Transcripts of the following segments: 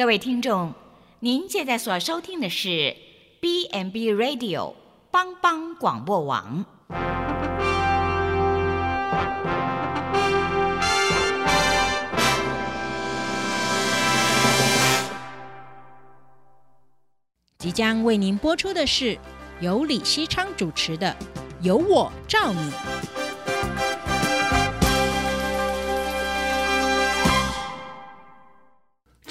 各位聽眾，您現在所收聽的是 B&B Radio 幫幫廣播網。即將為您播出的是由李希昌主持的《有我照你》。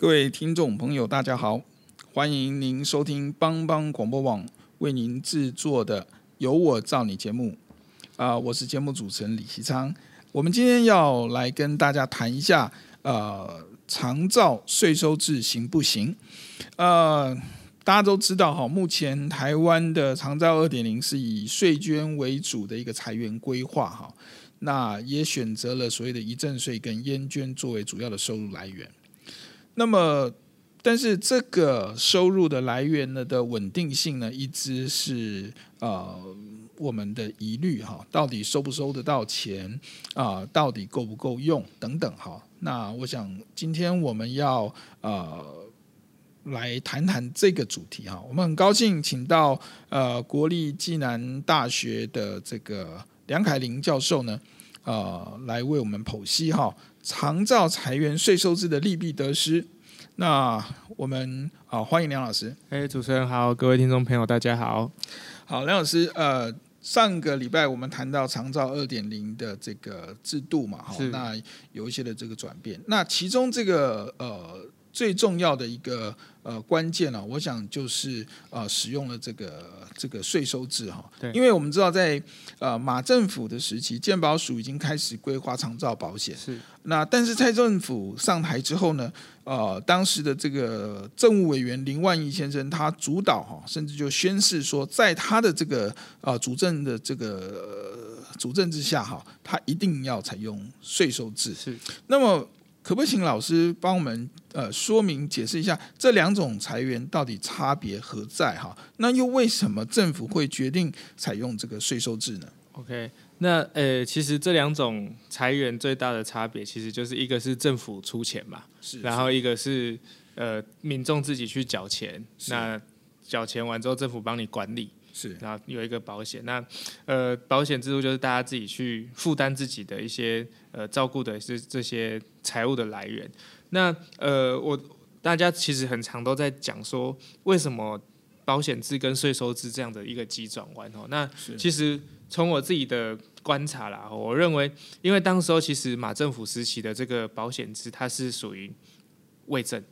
各位聽眾朋友，大家好！歡迎您收聽幫幫廣播網為您製作的《有我照你》節目。啊、呃，我是節目主持人李希昌。我們今天要來跟大家談一下，呃，長照稅收制行不行？呃，大家都知道，哈，目前台灣的長照二點零是以稅捐為主的一個財源規劃，哈，那也選擇了所謂的遺贈稅跟菸捐作為主要的收入來源。那麼，但是這個收入的來源呢的穩定性呢，一直是呃我們的疑慮哈，到底收不收得到錢啊、呃，到底夠不夠用等等哈。那我想今天我們要呃來談談這個主題哈，我們很高興請到呃國立暨南大學的這個梁鎧麟教授呢，呃來為我們剖析哈。長照財源稅收制的利弊得失，那我們啊歡迎梁老師。哎，hey, 主持人好，各位聽眾朋友大家好。好，梁老師，呃，上個禮拜我們談到長照二點零的這個制度嘛，好是那有一些的這個轉變，那其中這個呃最重要的一個。呃，關鍵呢、啊，我想就是呃，使用了這個這個稅收制哈、啊。對因為我們知道在呃馬政府的時期，健保署已經開始規劃長照保險。是。那但是蔡政府上台之後呢，呃，當時的這個政務委員林萬億先生他主導哈、啊，甚至就宣誓說，在他的這個呃，主政的這個、呃、主政之下哈、啊，他一定要採用稅收制。是。那麼。可不可以請老師幫我們呃說明解釋一下這兩種財源，到底差別何在哈？那又為什麼政府會決定採用這個稅收制呢？OK，那呃其實這兩種財源最大的差別其實就是一個是政府出錢嘛，是，是然後一個是呃民眾自己去繳錢，是那繳錢完之後政府幫你管理。是啊，然後有一個保險。那呃，保險制度就是大家自己去負擔自己的一些呃照顧的，是這些財務的來源。那呃，我大家其實很常都在講說，為什麼保險制跟稅收制這樣的一個急轉彎哦？那是其實從我自己的觀察啦，我認為，因為當時候其實馬政府時期的這個保險制，它是屬於微政。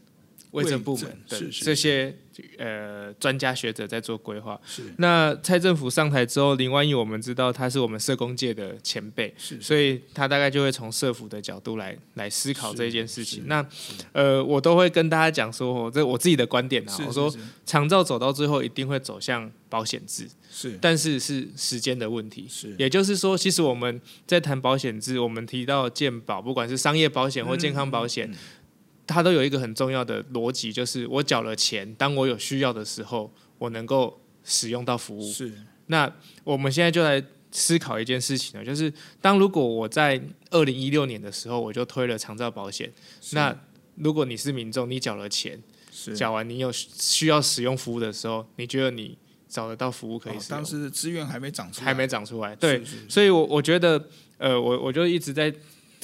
衛生部門的這些呃專家學者在做規劃。是,是那蔡政府上台之後，林萬億我們知道他是我們社工界的前輩，是,是所以他大概就會從社福的角度來來思考這件事情。是是 那呃，我都會跟大家講說，我這我自己的觀點啊，我說長照走到最後一定會走向保險制，是但是是時間的問題，是也就是說，其實我們在談保險制，我們提到健保，不管是商業保險或健康保險。嗯嗯嗯嗯它都有一個很重要的邏輯，就是我繳了錢，當我有需要的時候，我能夠使用到服務。是。那我們現在就來思考一件事情呢，就是當如果我在二零一六年的時候我就推了長照保險，是那如果你是民眾，你繳了錢，繳是完你有需要使用服務的時候，你覺得你找得到服務可以使用？哦，當時資源還沒長出來，還沒長出來。對。是是是。所以我，我我覺得，呃，我我就一直在。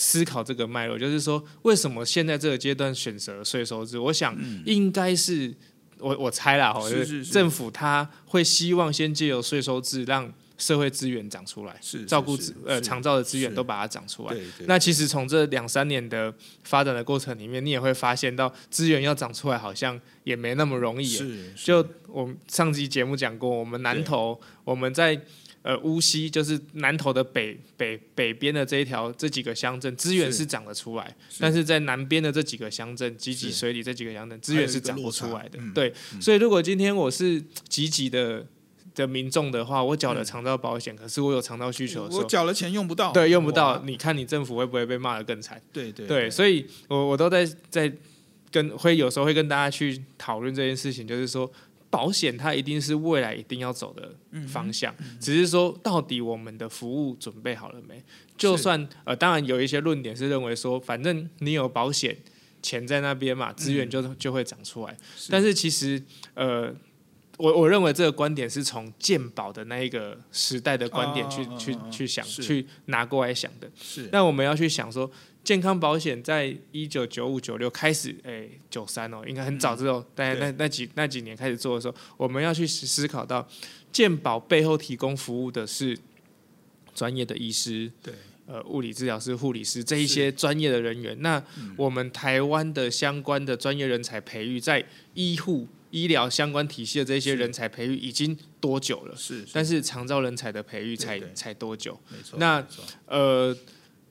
思考這個脈絡，就是說為什麼現在這個階段選擇稅收制？我想應該是、嗯、我我猜啦，是是是，就是政府他會希望先借由稅收制讓社會資源長出來，是，是，是，照顧顧呃長照的資源都把它長出來。是是，那其實從這兩三年的發展的過程裡面，你也會發現到資源要長出來好像也沒那麼容易。是，是，就我們上集節目講過，我們南投對我們在。呃，烏溪，就是南投的北北北邊的這一條這幾個鄉鎮資源是長得出來，是是，但是在南邊的這幾個鄉鎮，集集水里這幾個鄉鎮資源是長不出來的。嗯、對，嗯、所以如果今天我是集集的的民眾的話，我繳了長照保險，嗯、可是我有長照需求的時候，我，我繳了錢用不到，對，用不到。啊、你看你政府會不會被罵得更慘？對對對，對，對，所以我我都在在跟會有時候會跟大家去討論這件事情，就是說。保險它一定是未來一定要走的方向，嗯嗯、只是說到底我們的服務準備好了沒？就算是呃，當然有一些論點是認為說，反正你有保險錢在那邊嘛，資源就、嗯、就會長出來。是但是其實呃，我我認為這個觀點是從健保的那一個時代的觀點去、啊、去去想，是去拿過來想的。是，那我們要去想說。健康保險在一九九五九六開始，哎、欸，九三哦，應該很早之後，但、嗯、那對那幾那幾年開始做的時候，我們要去思考到健保背後提供服務的是專業的醫師，對，呃，物理治療師、護理師這一些專業的人員。是那我們台灣的相關的專業人才培育，在醫護醫療相關體系的這些人才培育已經多久了？是，是但是常招人才的培育才才多久？沒錯錯，那錯呃。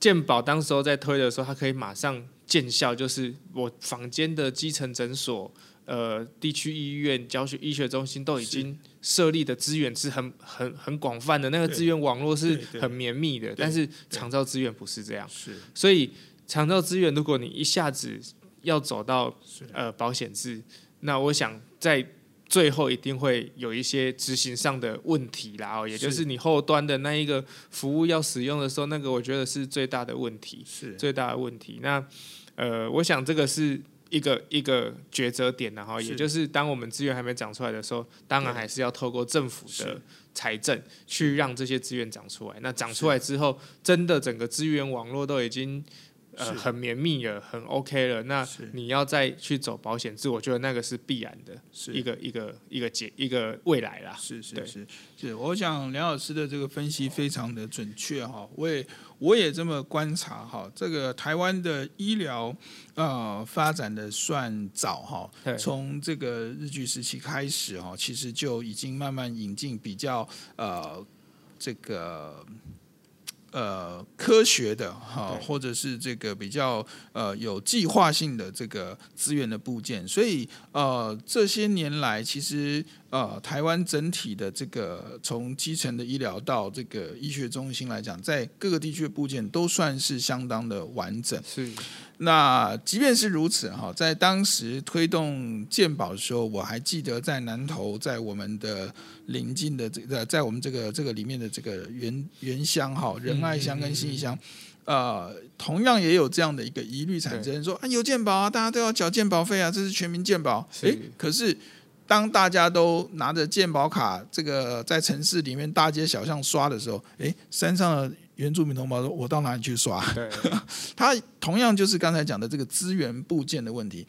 健保當時候在推的時候，它可以馬上見效，就是我坊間的基層診所、呃地區醫院、教學醫學中心都已經設立的資源是很很很廣泛的，那個資源網絡是很綿密的。但是長照資源不是這樣，是，所以長照資源，如果你一下子要走到呃保險制，那我想在。最後一定會有一些執行上的問題啦，哦，也就是你後端的那一個服務要使用的時候，那個我覺得是最大的問題。是最大的問題。那，呃，我想這個是一個一個抉擇點，然後也就是當我們資源還沒長出來的時候，當然還是要透過政府的財政去讓這些資源長出來。那長出來之後，真的整個資源網絡都已經。呃、很綿密了，很 OK 了。那你要再去走保險制，我覺得那個是必然的，是一個一個一個結，一個未來啦。是是是對是，我想梁老師的這個分析非常的準確哈。我也我也這麼觀察哈。這個台灣的醫療呃發展的算早哈，從這個日據時期開始哈，其實就已經慢慢引進比較呃這個。呃，科學的哈，呃、對或者是這個比較呃有計劃性的這個資源的布建，所以呃這些年來，其實呃台灣整體的這個從基層的醫療到這個醫學中心來講，在各個地區的布建都算是相當的完整。是。那即便是如此哈，在當時推動健保的時候，我還記得在南投，在我們的鄰近的這個，在我們這個這個裡面的這個原原鄉哈仁愛鄉跟信義鄉，嗯嗯嗯呃，同樣也有這樣的一個疑慮產生，對說啊有健保啊，大家都要繳健保費啊，這是全民健保是、欸。可是當大家都拿着健保卡，這個在城市裡面大街小巷刷的時候，欸、山上的。原住民同胞說：“我到哪裡去刷對？”他同樣就是剛才講的這個資源部件的問題。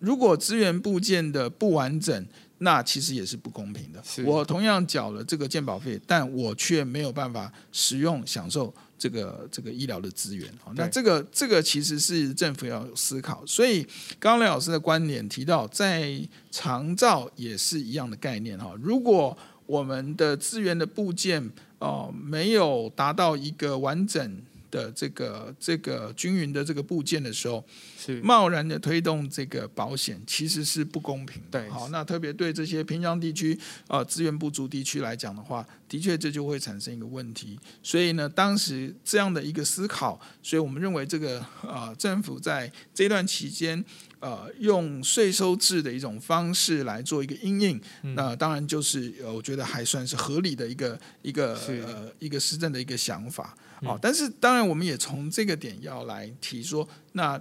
如果資源部件的不完整，那其實也是不公平的。是我同樣繳了這個健保費，但我卻沒有辦法使用、享受這個這個醫療的資源。對那這個這個其實是政府要有思考。所以，剛剛梁老師的觀點提到，在長照也是一樣的概念哈。如果我們的資源的部件，哦，沒有達到一個完整，的這個這個均勻的這個部件的時候，是貿然的推動這個保險其實是不公平的。對好，那特別對這些偏鄉地區啊、呃、資源不足地區來講的話，的確這就會產生一個問題。所以呢，當時這樣的一個思考，所以我們認為這個啊、呃、政府在這段期間、呃、用稅收制的一種方式來做一個因應，那、嗯呃、當然就是我覺得還算是合理的一個一個是、呃、一個施政的一個想法。哦、但是當然，我們也從這個點要來提說，那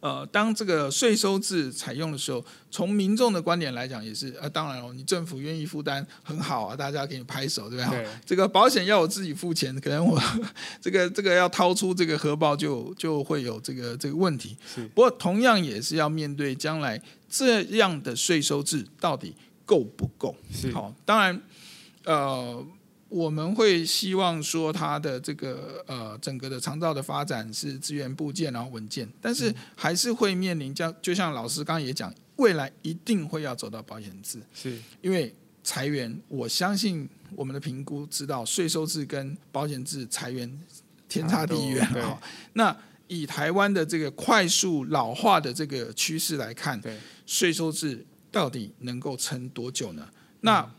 呃，當這個稅收制採用的時候，從民眾的觀點來講，也是呃，當然了、哦，你政府願意負擔很好啊，大家給你拍手，對不對對？對這個保險要我自己付錢，可能我這個這個要掏出這個荷包就，就就會有這個這個問題。是，不過同樣也是要面對將來這樣的稅收制到底夠不夠？是，好、哦，當然，呃。我們會希望說它的這個呃整個的長照的發展是資源布建，然後穩健，但是還是會面臨就像老師剛，剛也講，未來一定會要走到保險制，是因為財源，我相信我們的評估知道稅收制跟保險制財源天差地遠啊，哦。那以台灣的這個快速老化的這個趨勢來看，對稅收制到底能夠撐多久呢？那、嗯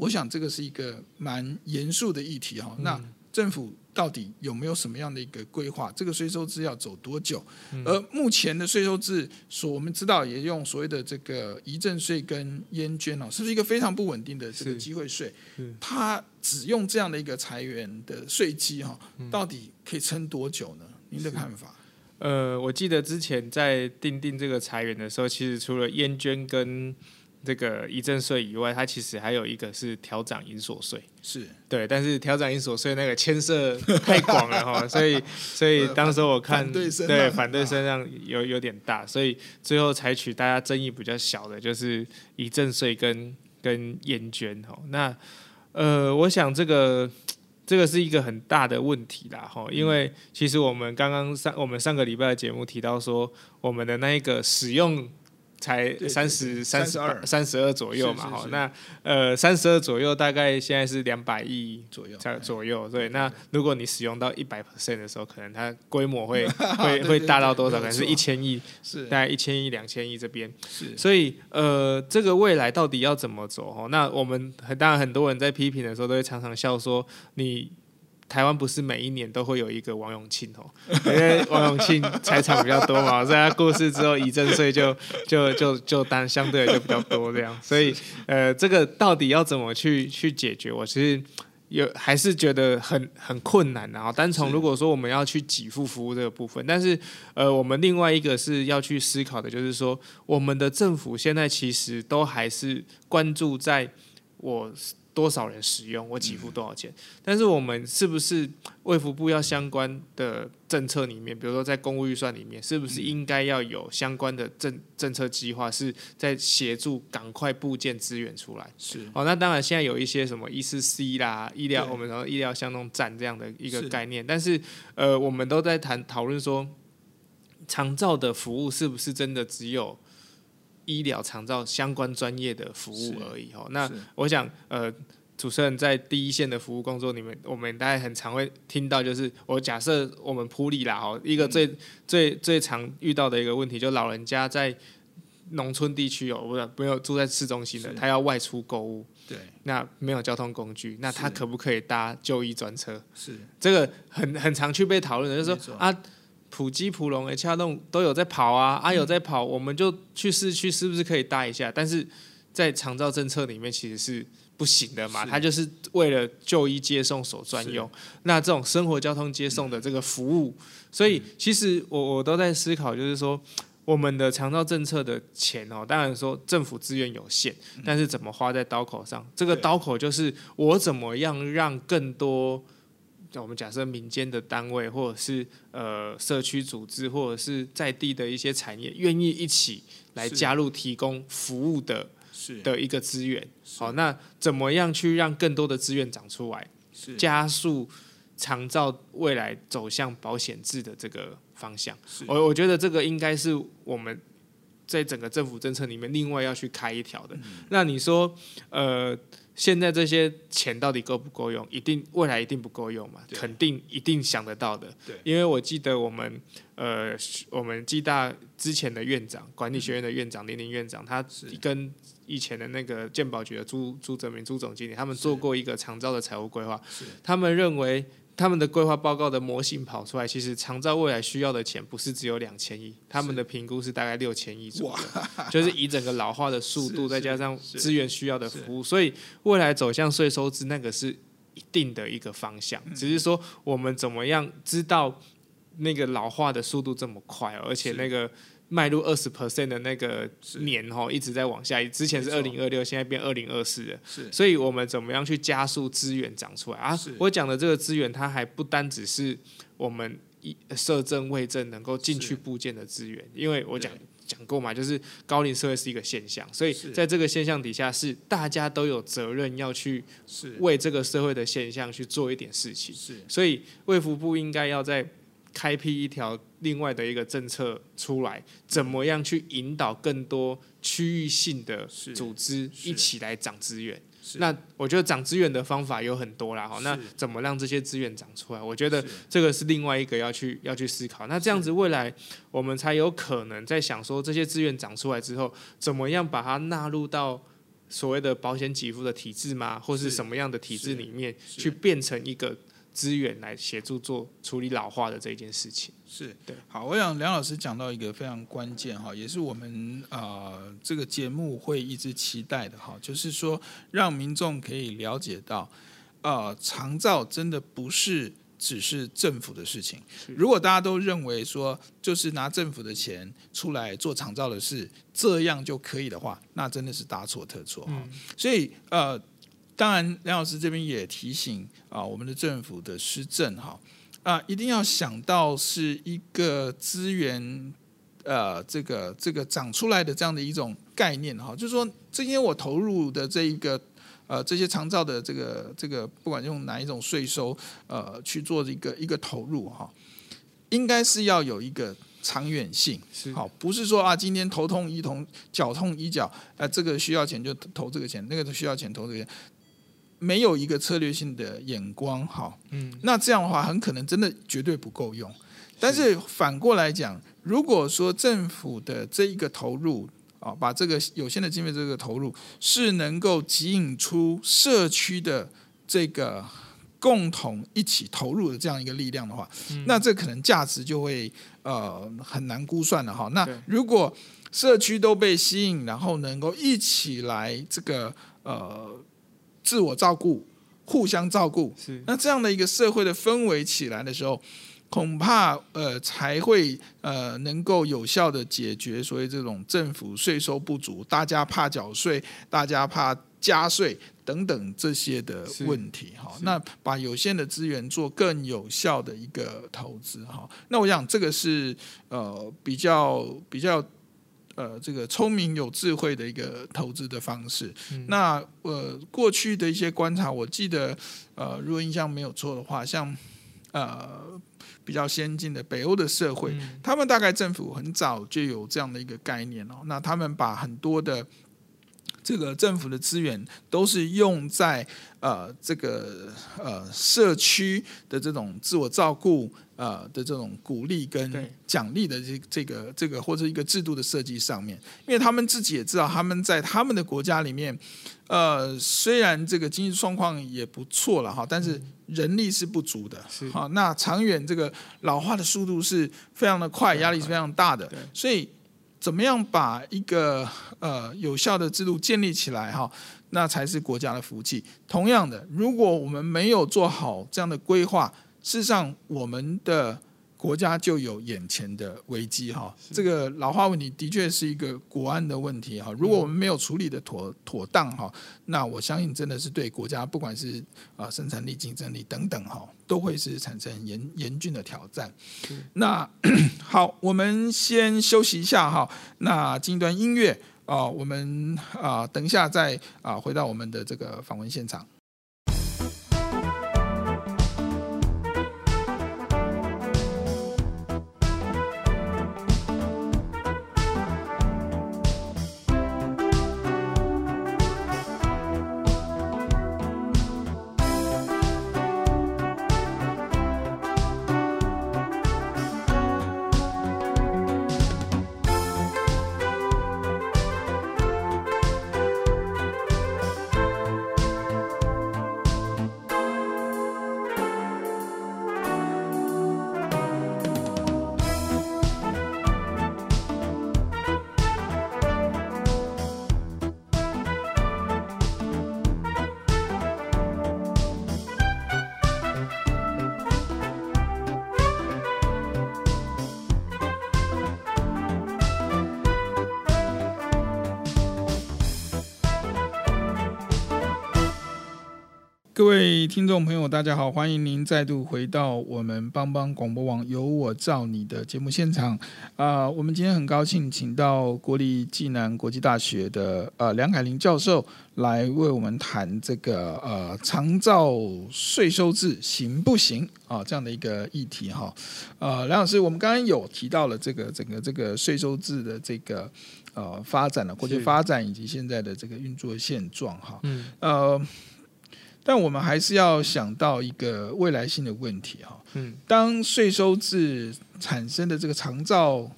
我想這個是一個蠻嚴肅的議題哈，嗯、那政府到底有沒有什麼樣的一個規劃？這個稅收制要走多久？嗯、而目前的稅收制所我們知道也用所謂的這個遺贈稅跟菸捐哦，是不是一個非常不穩定的這個機會稅？它只用這樣的一個財源的稅基哈，到底可以撐多久呢？您、嗯、的看法？呃，我記得之前在訂定這個財源的時候，其實除了菸捐跟這個遺贈稅以外，它其實還有一個是調漲營所稅。是對，但是調漲營所稅那個牽涉太廣了哈， 所以所以當時我看對反對聲量有有點大，所以最後採取大家爭議比較小的就是遺贈稅跟跟菸捐哦，那呃，我想這個這個是一個很大的問題啦哈，因為其實我們剛剛上我們上個禮拜的節目提到說我們的那一個使用。才三十三十二三十二左右嘛，哈是，那呃三十二左右，大概現在是兩百億左右，才左右。對，對對對對那如果你使用到一百 percent 的時候，可能它規模會會會大到多少？ 對對對對可能是一千億，是,嗎是大概一千億、兩千億這邊。是，所以呃，這個未來到底要怎麼走？哈，那我們很當然很多人在批評的時候，都會常常笑說你。台灣不是每一年都會有一個王永慶哦，因為王永慶財產比較多嘛，所以 他過世之後一，遺贈稅就就就就當相對的就比較多這樣，所以是呃，這個到底要怎麼去去解決，我其實有還是覺得很很困難然、啊、後單從如果說我們要去給付服務這個部分，但是呃，我們另外一個是要去思考的就是說，我們的政府現在其實都還是關注在我。多少人使用我給付多少錢？嗯、但是我們是不是衛福部要相關的政策裡面，比如說在公務預算裡面，是不是應該要有相關的政政策計劃，是在協助趕快佈建資源出來？是哦，那當然現在有一些什麼醫、e、四 C 啦、醫療對我們說醫療巷弄站這樣的一個概念，是但是呃，我們都在談討論說，長照的服務是不是真的只有？醫療、長照相關專業的服務而已哦。那我想，呃，主持人在第一線的服務工作裡面，我們大家很常會聽到，就是我假設我們埔里啦哦，一個最、嗯、最最常遇到的一個問題，就老人家在農村地區哦，不是沒有住在市中心的，是他要外出購物，對，那沒有交通工具，那他可不可以搭就醫專車？是這個很很常去被討論的，就是、說錯啊。普基、普隆哎，其他都都有在跑啊，阿、啊、友在跑，嗯、我們就去市區是不是可以搭一下？但是，在長照政策裡面，其實是不行的嘛，是它就是為了就醫接送所專用。是那這種生活交通接送的這個服務，嗯、所以其實我我都在思考，就是說我們的長照政策的錢哦，當然說政府資源有限，嗯、但是怎麼花在刀口上？這個刀口就是我怎麼樣讓更多。那我們假設民間的單位，或者是呃社區組織，或者是在地的一些產業，願意一起來加入提供服務的，是的一個資源。是好，那怎麼樣去讓更多的資源長出來，是加速長照未來走向保險制的這個方向？是我我覺得這個應該是我們在整個政府政策裡面另外要去開一條的。嗯，那你說，呃。現在這些錢到底夠不夠用？一定未來一定不夠用嘛？對肯定一定想得到的。對因為我記得我們呃，我們暨大之前的院長，管理學院的院長、嗯、林林院長，他跟以前的那個健保局的朱朱澤民朱總經理，他們做過一個長照的財務規劃，是他們認為。他們的規劃報告的模型跑出來，其實長照未來需要的錢不是只有兩千億，他們的評估是大概六千億左右，是哇就是以整個老化的速度再加上資源需要的服務，是是是是是所以未來走向稅收制那個是一定的一個方向，只是說我們怎麼樣知道那個老化的速度這麼快，而且那個。邁入二十 percent 的那個年齁是一直在往下。之前是二零二六，現在變二零二四了。是所以我們怎麼樣去加速資源長出來啊？是我講的這個資源，它還不單只是我們社政衛政能夠進去部件的資源，是因為我講講過嘛，就是高齡社會是一個現象，所以在這個現象底下，是大家都有責任要去為這個社會的現象去做一點事情。所以衛福部應該要在。開闢一條另外的一個政策出來，怎麼樣去引導更多區域性的組織一起來長資源？是那我覺得長資源的方法有很多啦。好是，那怎麼讓這些資源長出來？我覺得這個是另外一個要去要去思考。那這樣子未來我們才有可能在想說，這些資源長出來之後，怎麼樣把它納入到所謂的保險給付的體制嗎？或是什麼樣的體制裡面去變成一個？資源來協助做處理老化的這件事情。是對。好，我想梁老師講到一個非常關鍵哈，也是我們呃這個節目會一直期待的哈，就是說讓民眾可以了解到，呃，長照真的不是只是政府的事情。是如果，大家都認為說就是拿政府的錢出來做長照的事，這樣就可以的話，那真的是大錯特錯哈。嗯、所以呃。當然，梁老師這邊也提醒啊，我們的政府的施政哈啊，一定要想到是一個資源呃，這個這個長出來的這樣的一種概念哈，就是說，今天我投入的這一個呃這些長照的這個這個，不管用哪一種稅收呃去做一個一個投入哈，應該是要有一個長遠性，是好，不是說啊，今天頭痛醫頭，腳痛醫腳，啊，呃，這個需要錢就投這個錢，那個需要錢投這個錢。沒有一個策略性的眼光，哈，嗯，那這樣的話，很可能真的絕對不夠用。是。但是反過來講，如果說政府的這一個投入，啊、哦，把這個有限的經費這個投入是能夠吸引出社區的這個共同一起投入的這樣一個力量的話，嗯、那這可能價值就會呃很難估算了哈、哦。那如果社區都被吸引，然後能夠一起來這個呃。自我照顧，互相照顧，是，那這樣的一個社會的氛圍起來的時候，恐怕呃才會呃能夠有效的解決所謂這種政府稅收不足，大家怕繳稅，大家怕加稅等等這些的問題哈是。那把有限的資源做更有效的一個投資哈。那我想這個是呃比較比較。比較呃，這個聰明有智慧的一個投資的方式。嗯、那呃，過去的一些觀察，我記得，呃，如果印象沒有錯的話，像呃比較先進的北歐的社會，嗯、他們大概政府很早就有這樣的一個概念哦。那他們把很多的。這個政府的資源都是用在呃這個呃社區的這種自我照顧啊、呃、的這種鼓勵跟獎勵的這個、對這個這個或者一個制度的設計上面，因為他們自己也知道他們在他們的國家裡面，呃，雖然這個經濟狀況也不錯了哈，但是人力是不足的，好、嗯哦，那長遠這個老化的速度是非常的快，對壓力是非常大的，對對所以。怎麼樣把一個呃有效的制度建立起來哈、哦？那才是國家的福氣。同樣的，如果我們沒有做好這樣的規劃，事實上我們的。國家就有眼前的危機哈，是這個老化問題的確是一個國安的問題哈。如果我們沒有處理得妥、嗯、妥當哈，那我相信真的是對國家不管是啊生產力、競爭力等等哈，都會是產生嚴嚴峻的挑戰。是那好，我們先休息一下哈。那進一段音樂啊，我們啊等一下再啊回到我們的這個訪問現場。各位聽眾朋友，大家好，歡迎您再度回到我們幫幫廣播網“有我照你”的節目現場啊、呃，我們今天很高興請到國立暨南國際大學的呃梁鎧麟教授來為我們談這個呃長照稅收制行不行啊、哦，這樣的一個議題哈、哦。呃，梁老師，我們剛剛有提到了這個整個這個稅收制的這個呃發展的過去發展以及現在的這個運作現狀哈。是嗯呃。但我們還是要想到一個未來性的問題哈，嗯，當稅收制產生的這個長照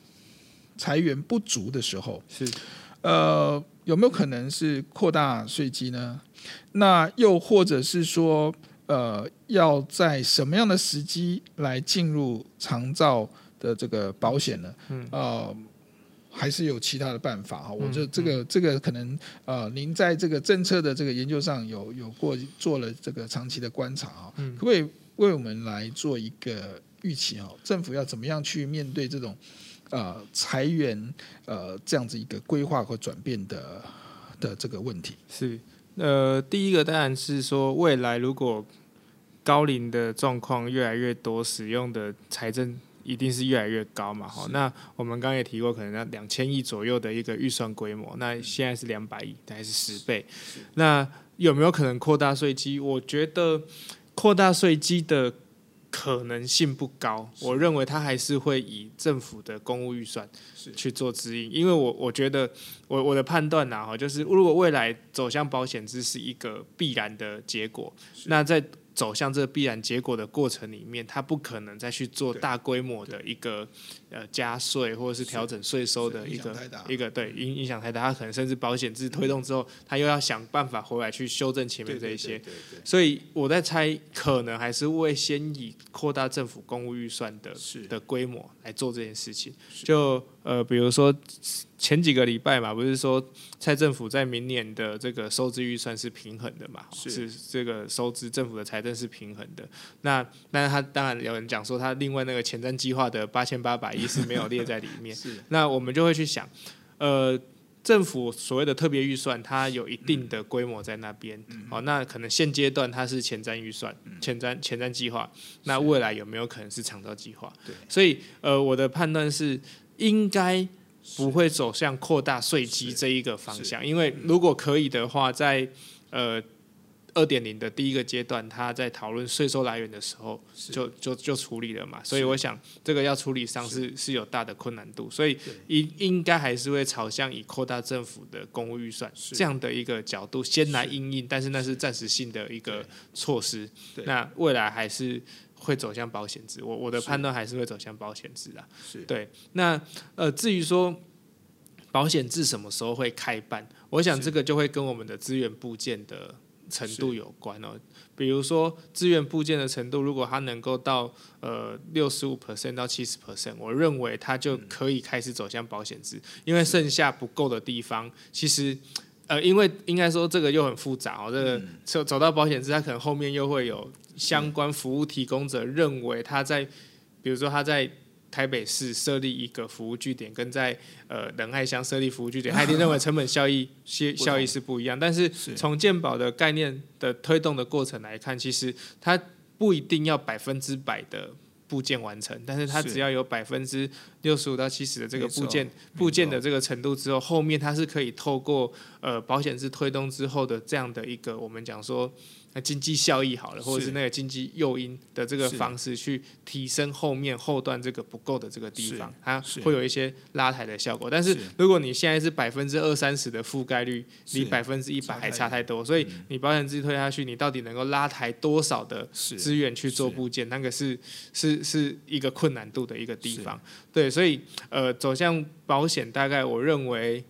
財源不足的時候，是，呃，有沒有可能是擴大稅基呢？那又或者是說，呃，要在什麼樣的時機來進入長照的這個保險呢？嗯，呃。還是有其他的辦法哈，我覺得這個這個可能呃，您在這個政策的這個研究上有有過做了這個長期的觀察啊，可不可以為我們來做一個預期啊？政府要怎麼樣去面對這種呃財源，呃這樣子一個規劃和轉變的的這個問題？是呃，第一個答案是說，未來如果高齡的狀況越來越多，使用的財政。一定是越來越高嘛。好是，那我們剛也提過，可能要兩千億左右的一個預算規模。那現在是兩百億，大概是十倍。那有沒有可能擴大稅基？我覺得擴大稅基的可能性不高。是我認為它還是會以政府的公務預算去做指引。是因為我我覺得我我的判斷呢，哈，就是如果未來走向保險制，是一個必然的結果，是那在。走向這個必然結果的過程裡面，他不可能再去做大規模的一個。呃，加稅或者是調整稅收的一個、啊、一個對，影影響太大，他可能甚至保險制推動之後，嗯、他又要想辦法回來去修正前面這一些。所以我在猜，可能還是會先以擴大政府公務預算的是的規模來做這件事情。是就呃，比如說前幾個禮拜嘛，不是說蔡政府在明年的這個收支預算是平衡的嘛？是，是這個收支政府的財政是平衡的。那那他當然有人講說，他另外那個前瞻計劃的八千八百億是沒有列在裡面。 是，那我們就會去想，呃，政府所謂的特別預算，它有一定的規模在那邊。好、嗯哦，那可能現階段它是前瞻預算、嗯前瞻、前瞻前瞻計劃，是那未來有沒有可能是長照計劃？對，所以呃，我的判斷是應該不會走向擴大稅基這一個方向，因為如果可以的話，在呃。二點零的第一個階段，他在討論稅收來源的時候，是就就就處理了嘛。是所以我想，這個要處理上是是，是有大的困難度，所以，以對應應該還是會朝向以擴大政府的公務預算是這樣的一個角度先來因應，是，但是那是暫時性的一個措施。那未來還是會走向保險制，我我的判斷還是會走向保險制啊。是對，那呃，至於說保險制什麼時候會開辦，我想這個就會跟我們的資源部件的。程度有關哦，比如說資源部件的程度，如果它能夠到呃六十五 percent 到七十 percent，我認為它就可以開始走向保險制，因為剩下不夠的地方，其實，呃，因為應該說這個又很複雜哦，這個走、嗯、走到保險制，它可能後面又會有相關服務提供者認為他在，比如說他在。台北市設立一個服務據點，跟在呃仁愛鄉設立服務據點，肯定 認為成本效益是效益是不一樣。同但是從健保的概念的推動的過程來看，是其實它不一定要百分之百的部件完成，但是它只要有百分之六十五到七十的這個部件是部件的這個程度之後，錯後面它是可以透過呃保險制推動之後的這樣的一個我們講說。那經濟效益好了，或者是那個經濟誘因的這個方式，去提升後面後段這個不夠的這個地方，它會有一些拉抬的效果。但是如果你現在是百分之二三十的覆蓋率，離百分之一百還差太多，所以你保險自己推下去，你到底能夠拉抬多少的資源去做部件，那個是是是一個困難度的一個地方。對，所以呃，走向保險大概我認為。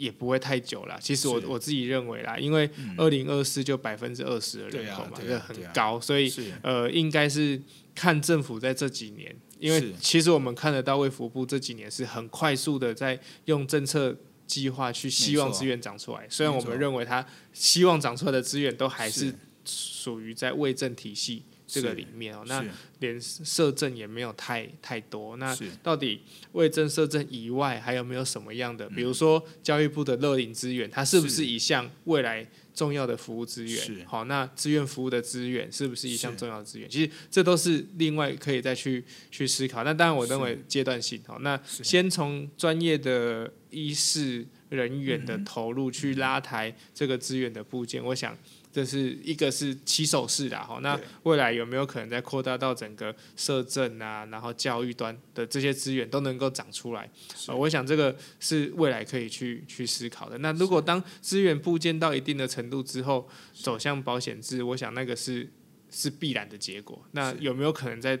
也不會太久啦。其實我是我自己認為啦，因為二零二四就百分之二十的人口嘛，這很高，啊啊啊啊、所以是呃，應該是看政府在這幾年，因為其實我們看得到衛福部這幾年是很快速的在用政策計劃去希望資源長出來，錯雖然我們認為它希望長出來的資源都還是屬於在衛政體系，這個裡面哦，是那連社政也沒有太太多。那到底衛政社政以外，還有沒有什麼樣的？是比如說教育部的樂齡資源，是它是不是一項未來重要的服務資源？好是、喔，那志願服務的資源是不是一項重要資源？是其實這都是另外可以再去去思考。那當然，我認為階段性哦是、喔，那先從專業的醫事人員的投入去拉抬這個資源的部件，嗯、我想。這是一個是起手式啦。好，那未來有沒有可能再擴大到整個社政啊，然後教育端的這些資源都能夠長出來？是呃，我想這個是未來可以去去思考的。那如果當資源布建到一定的程度之後，走向保險制，我想那個是是必然的結果。那有沒有可能在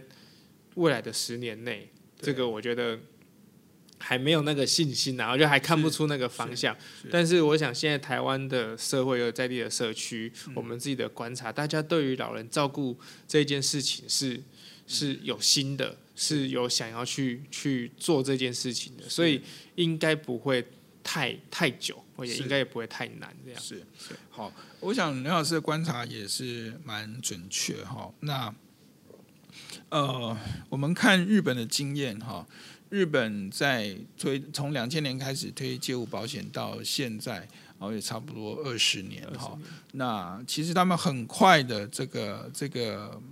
未來的十年內，對這個我覺得？還沒有那個信心，啊，然後就還看不出那個方向。是是是，但是我想，現在台灣的社會，有在地的社區，嗯、我們自己的觀察，大家對於老人照顧這件事情是，嗯、是有心的，是有想要去去做這件事情的，是所以應該不會太太久，也是應該也不會太難。這樣是，是好。我想梁老師的觀察也是蠻準確哈。那呃，我們看日本的經驗哈。日本在推從兩千年開始推介護保險到現在，然後也差不多二十年哈，年那其實他們很快的這個這個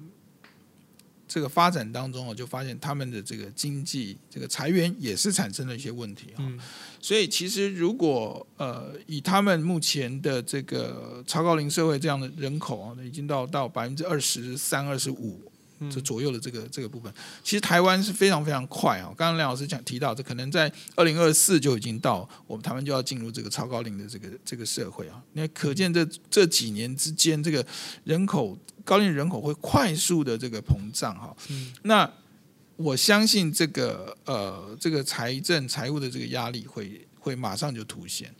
這個發展當中，我就發現他們的這個經濟這個財源，也是產生了一些問題哈。嗯、所以其實如果呃以他們目前的這個超高齡社會這樣的人口啊，已經到到百分之二十三二十五。這左右的這個這個部分，其實台灣是非常非常快啊、哦。剛剛梁老師講提到，這可能在二零二四就已經到我們台灣就要進入這個超高齡的這個這個社會啊。那可見這、嗯、這幾年之間，這個人口高齡人口會快速的這個膨脹哈、哦。嗯、那我相信這個呃這個財政財務的這個壓力會。會馬上就凸顯。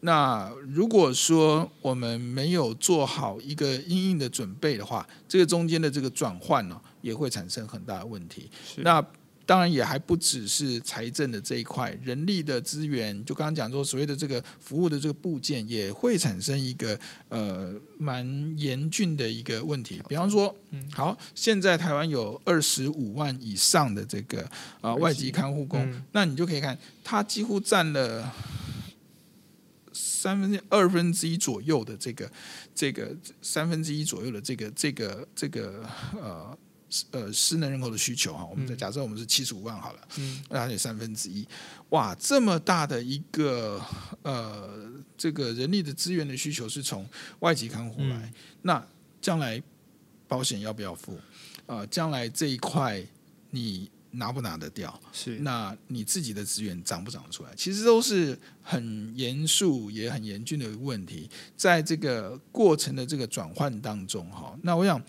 那如果說我們沒有做好一個因應的準備的話，這個中間的這個轉換呢，也會產生很大的問題。是那當然也還不只是財政的這一塊，人力的資源，就剛剛講說所謂的這個服務的這個部件，也會產生一個呃蠻嚴峻的一個問題。比方說，嗯，好，現在台灣有二十五萬以上的這個啊、呃、外籍看護工，嗯、那你就可以看，它幾乎占了三分之二分之一左右的這個這個三分之一左右的這個這個這個呃。呃，失能人口的需求哈，我們在假設我們是七十五萬好了，嗯，那還有三分之一，3, 哇，這麼大的一個呃，這個人力的資源的需求是從外籍看護來，嗯、那將來保險要不要付？呃、將來這一塊你拿不拿得掉？是，那你自己的資源長不長得出來？其實都是很嚴肅也很嚴峻的問題，在這個過程的這個轉換當中哈，那我想。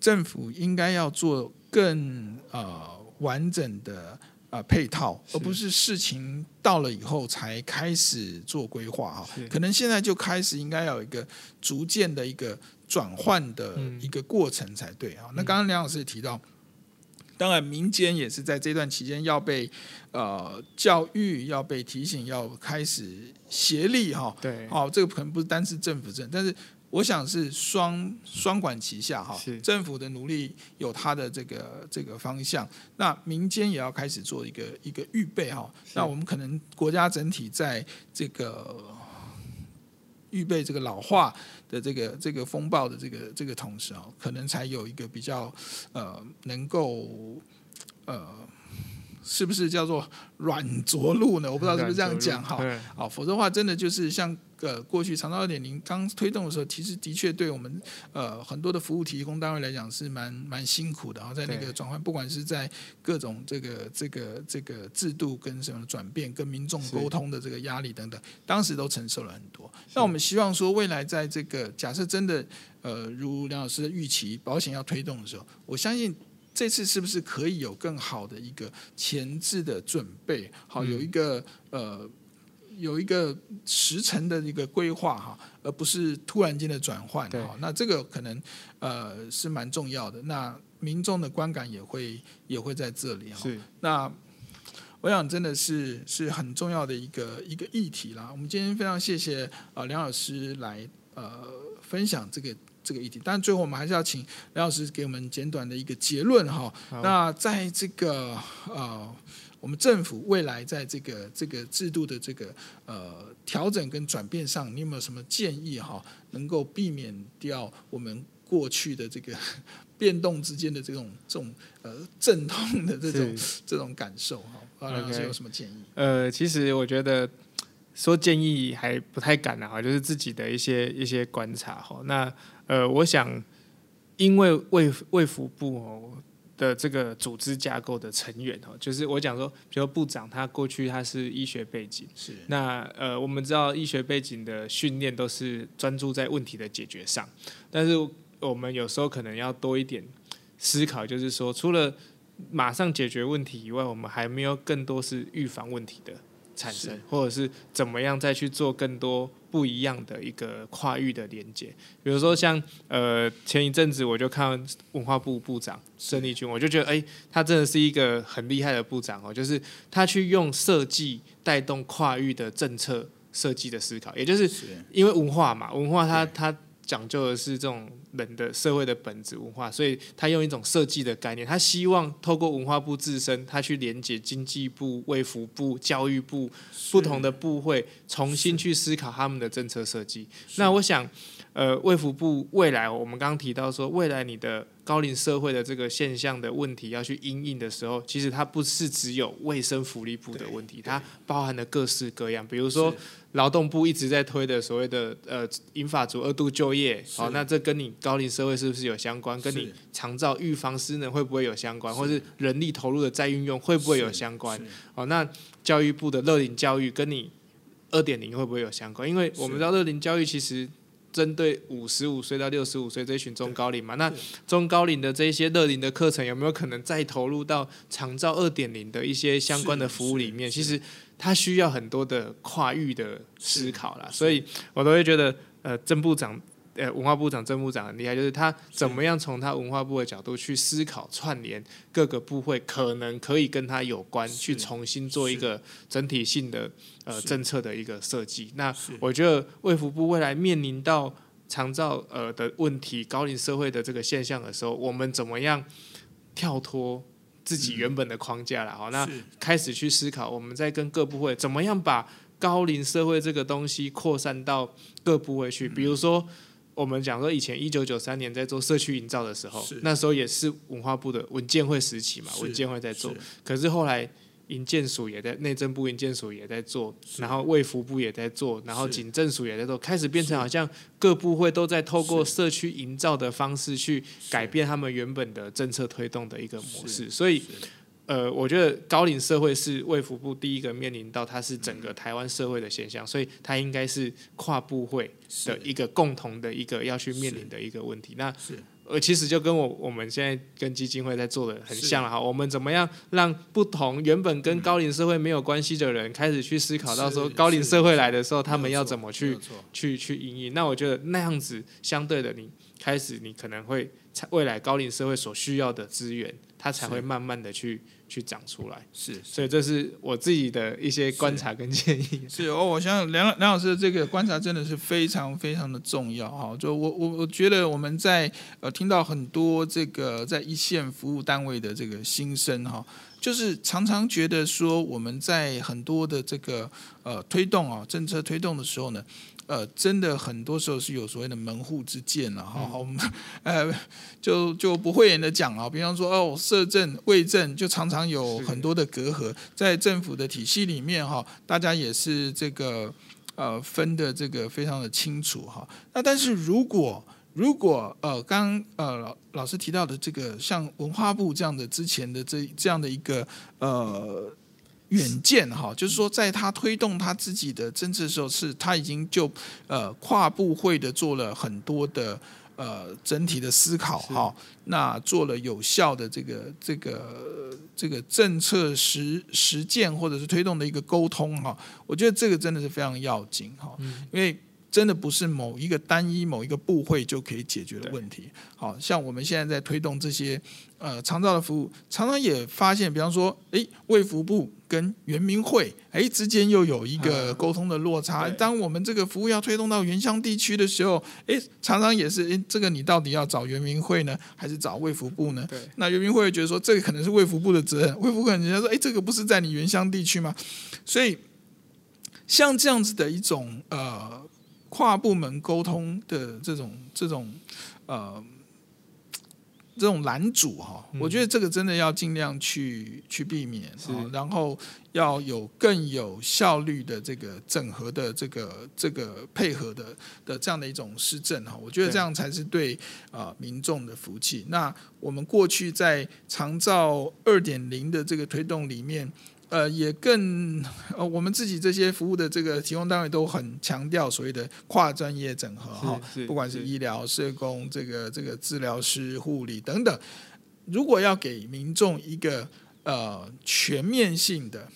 政府應該要做更呃完整的呃配套，是而不是事情到了以後才開始做規劃哈。是可能現在就開始應該要有一個逐漸的一個轉換的一個過程才對啊。嗯、那剛剛梁老師也提到，嗯、當然民間也是在這段期間要被呃教育，要被提醒，要開始協力哈。對，哦，這個可能不是單是政府政，但是。我想是雙雙管齊下哈，政府的努力有它的這個這個方向，那民間也要開始做一個一個預備哈。是那我們可能國家整體在這個預備這個老化的這個這個風暴的這個這個同時哦，可能才有一個比較呃能夠呃，是不是叫做軟着陸呢？我不知道是不是這樣講哈，啊，否則的話真的就是像。個過去長照二點零剛推動的時候，其實的確對我們呃很多的服務提供單位來講是蠻蠻辛苦的。然後在那個轉換，對不管是在各種這個這個這個制度跟什麼轉變，跟民眾溝通的這個壓力等等，是當時都承受了很多。是那我們希望說，未來在這個假設真的呃如梁老師的預期，保險要推動的時候，我相信這次是不是可以有更好的一個前置的準備，好有一個、嗯、呃。有一個時程的一個規劃哈，而不是突然間的轉換。對那這個可能呃是蠻重要的，那民眾的觀感也會也會在這裡是。那我想真的是是很重要的一個一個議題啦。我們今天非常謝謝啊、呃、梁老師來呃分享這個這個議題，但最後我們還是要請梁老師給我們簡短的一個結論哈。好那在這個呃。我們政府未來在這個這個制度的這個呃調整跟轉變上，你有沒有什麼建議哈？能夠避免掉我們過去的這個變動之間的這種這種呃陣痛的這種是是這種感受哈？啊，是有什麼建議？Okay. 呃，其實我覺得說建議還不太敢啊，就是自己的一些一些觀察哈。那呃，我想因為衛衛福部哦。的這個組織架構的成員哦，就是我講說，比如部長他過去他是醫學背景，是那，呃，我們知道醫學背景的訓練都是專注在問題的解決上，但是我們有時候可能要多一點思考，就是說除了馬上解決問題以外，我們還沒有更多是預防問題的。產生，或者是怎麼樣，再去做更多不一樣的一個跨域的連接。比如說像，像呃，前一陣子我就看文化部部長孫立軍，我就覺得，哎、欸，他真的是一個很厲害的部長哦，就是他去用設計帶動跨域的政策設計的思考，也就是因為文化嘛，文化他他。講究的是這種人的社會的本質文化，所以他用一種設計的概念，他希望透過文化部自身，他去連接經濟部、衛福部、教育部不同的部會，重新去思考他們的政策設計。是那我想，呃，衛福部未來哦，我們剛剛提到說，未來你的。高齡社會的這個現象的問題要去因應的時候，其實它不是只有衛生福利部的問題，它包含了各式各樣。比如說是勞動部一直在推的所謂的呃銀髮族二度就業，好，是那這跟你高齡社會是不是有相關？跟你長照預防失能會不會有相關？是或是人力投入的再運用會不會有相關？哦，那教育部的樂齡教育跟你二點零會不會有相關？因為我們知道樂齡教育其實。針對五十五歲到六十五歲這一群中高齡嘛，那中高齡的這一些樂齡的課程，有沒有可能再投入到長照二點零的一些相關的服務裡面？其實它需要很多的跨域的思考啦，所以我都會覺得，呃，曾部長。呃，文化部長、政務部長很厲害，就是他怎麼樣從他文化部的角度去思考串聯各個部會，可能可以跟他有關，是去重新做一個整體性的是呃政策的一個設計。是那我覺得衛福部未來面臨到長照呃的問題、高齡社會的這個現象的時候，我們怎麼樣跳脫自己原本的框架了？好、嗯，那開始去思考，我們在跟各部會怎麼樣把高齡社會這個東西擴散到各部會去，比如說。嗯我們講說，以前一九九三年在做社區營造的時候，是那時候也是文化部的文建會時期嘛，是文建會在做。是可是後來，營建署也在內政部營建署也在做，是然後衛福部也在做，然後警政署也在做，是開始變成好像各部會都在透過社區營造的方式去改變他們原本的政策推動的一個模式，所以。呃，我覺得高齡社會是衛福部第一個面臨到它，是整個台灣社會的現象，嗯、所以它應該是跨部會的一個是共同的一個要去面臨的一個問題。是那是呃，其實就跟我我們現在跟基金會在做的很像了哈是。我們怎麼樣讓不同原本跟高齡社會沒有關係的人開始去思考，到說高齡社會來的時候，他們要怎麼去去去因應？那我覺得那樣子相對的，你開始你可能會未來高齡社會所需要的資源，它才會慢慢的去。去講出來是，是所以這是我自己的一些觀察跟建議。是哦，我想梁梁老師這個觀察真的是非常非常的重要哈。就我我我覺得我們在呃聽到很多這個在一線服務單位的這個心聲哈，就是常常覺得說我們在很多的這個呃推動啊政策推動的時候呢。呃，真的很多時候是有所謂的門戶之見了，啊、哈，我們，嗯哦、呃就就不諱言的講啊，比方說哦，社政、衛政就常常有很多的隔閡，是在政府的體系裡面哈，哦，大家也是這個呃分的這個非常的清楚哈，哦。那但是如果如果呃，剛呃老老師提到的這個像文化部這樣的之前的這這樣的一個呃。遠見哈，就是說，在他推動他自己的政策的時候，是他已經就呃跨部會的做了很多的呃整體的思考哈，是那做了有效的這個這個這個政策實實踐或者是推動的一個溝通哈，我覺得這個真的是非常要緊哈，因為。真的不是某一個單一某一個部會就可以解決的問題。對好像我們現在在推動這些呃長照的服務，常常也發現，比方說，誒，衛福部跟原民會，誒之間又有一個溝通的落差。嗯、當我們這個服務要推動到原鄉地區的時候，誒，常常也是，誒，這個你到底要找原民會呢，還是找衛福部呢？對那原民會覺得說，這個可能是衛福部的責任。衛福部可能覺得說，誒，這個不是在你原鄉地區嗎？所以，像這樣子的一種呃。跨部門溝通的這種、這種、呃，這種攔阻哈，我覺得這個真的要盡量去、嗯、去避免，是然後要有更有效率的這個整合的、這個這個配合的的這樣的一種施政哈，我覺得這樣才是對啊對、呃、民眾的福氣。那我們過去在長照二點零的這個推動裡面。呃，也更呃，我們自己這些服務的這個提供單位都很強調所謂的跨專業整合哈、哦，不管是醫療、是社工、這個、這個治療師、護理等等，如果要給民眾一個呃全面性的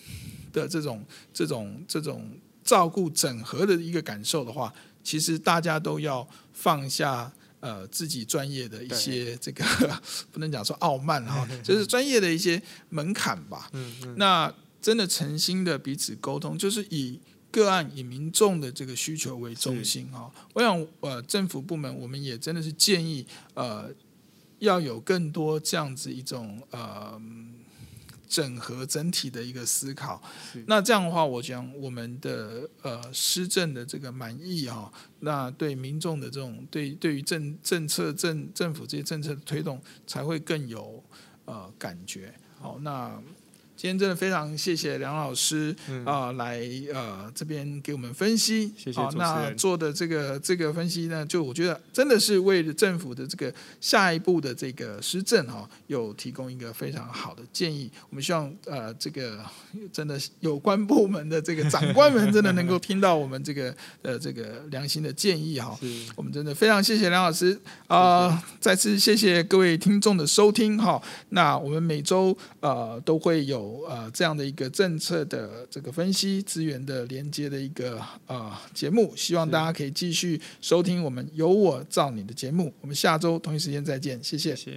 的這種、這種、這種、這種照顧整合的一個感受的話，其實大家都要放下呃自己專業的一些對這個不能講說傲慢哈、哦，就是專業的一些門檻吧， 那。嗯嗯真的誠心的彼此溝通，就是以個案、以民眾的這個需求為中心啊。是我想，呃，政府部門我們也真的是建議，呃，要有更多這樣子一種呃整合整體的一個思考。是那這樣的話，我想我們的呃施政的這個滿意啊、哦，那對民眾的這種對對於政政策政政府這些政策的推動，才會更有呃感覺。好，那。嗯今天真的非常謝謝梁老師啊、嗯呃，來呃這邊給我們分析。謝謝、啊。那做的這個這個分析呢，就我覺得真的是為了政府的這個下一步的這個施政哈、哦，有提供一個非常好的建議。我們希望呃這個真的有關部門的這個長官們真的能夠聽到我們這個 呃這個良心的建議哈。哦、是我們真的非常謝謝梁老師啊，呃、是是再次謝謝各位聽眾的收聽哈、哦。那我們每周呃都會有。呃，這樣的一個政策的這個分析、資源的連接的一個呃節目，希望大家可以繼續收聽我們“有我照你”的節目。我們下周同一時間再見，謝謝。謝謝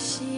那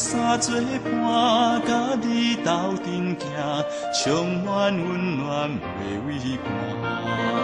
三做伴，甲你鬥陣行，充滿溫暖袂畏寒。